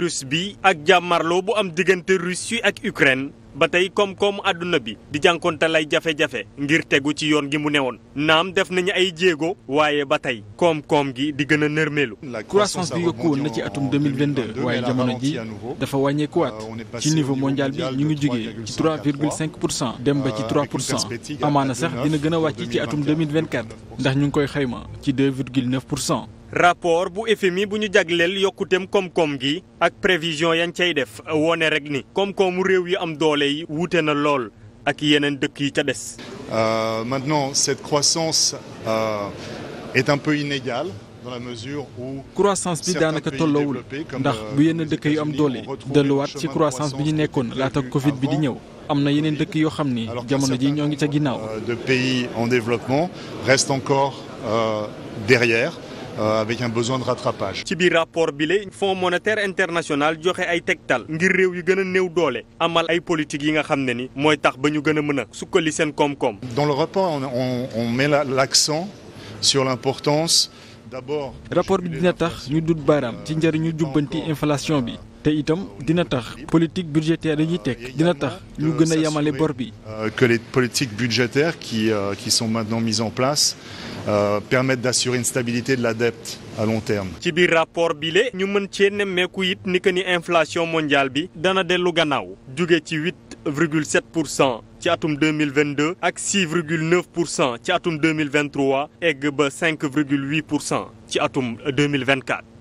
coronavirus bi ak jàmmarloo bu am diggante Russie ak Ukraine ba tey bi di jànkoonte lay jafe-jafe ngir tegu ci yoon gi mu newoon croissance bi yokku woon na ci atum 2022 waaye jamono ji dafa wàññeekuwaat euh, ci niveau mondial bi ñu ngi jógee ci dem ba ci euh, amaana sax euh, dina gën wàcc ci atum ndax ñu ngi koy xayma ci pour cent. rapport bu FMI bu ñu jagleel yokkuteem koom-koom gi ak prévision yañ cay def wone rek ni koom-koomu réew yi am doole yi wuute na lool ak yeneen dëkk yi ca des. Euh, maintenant cette croissance euh, est un peu inégale. dans la mesure où croissance bi daanaka tolloowul ndax euh, bu yenn dëkk yu am doole delluwaat ci croissance bi ñu nekkoon laata Covid bi di ñëw am na yeneen dëkk yoo xam ni jamono ji ñoo ngi ca ginnaaw. Euh, de pays en développement restent encore euh, derrière. Euh, avec un besoin de rattrapage. ci biir rapport bi la Fonds monétaire international joxe ay tegtal ngir réew yu gën a néew doole amal ay politique yi nga xam ne ni mooy tax ba ñu gën a mën a sukkali seen koom-koom. dans le rapport on on, on met l'accent sur l'importance d'abord rapport bi dina tax ñu dut baaraam ci njëriñu jubbanti inflation bi. te itam dina tax politique budgétaire yi teg dina tax ñu euh, gën a yamale bor bi. Euh, que les politiques budgétaires qui euh, qui sont maintenant mises en place euh, permettent d'assurer une stabilité de la dette à long terme. ci biir rapport bi le ñu mën cee nemmeeku it ni que ni inflation mondiale bi dana dellu gannaaw jóge ci huit virgule sept pour cent ci atum deux mille vingt deux ak six virgule neuf pour cent ci atum deux mille vingt trois egg ba cinq virgule huit pour cent ci atum deux mille vingt quatre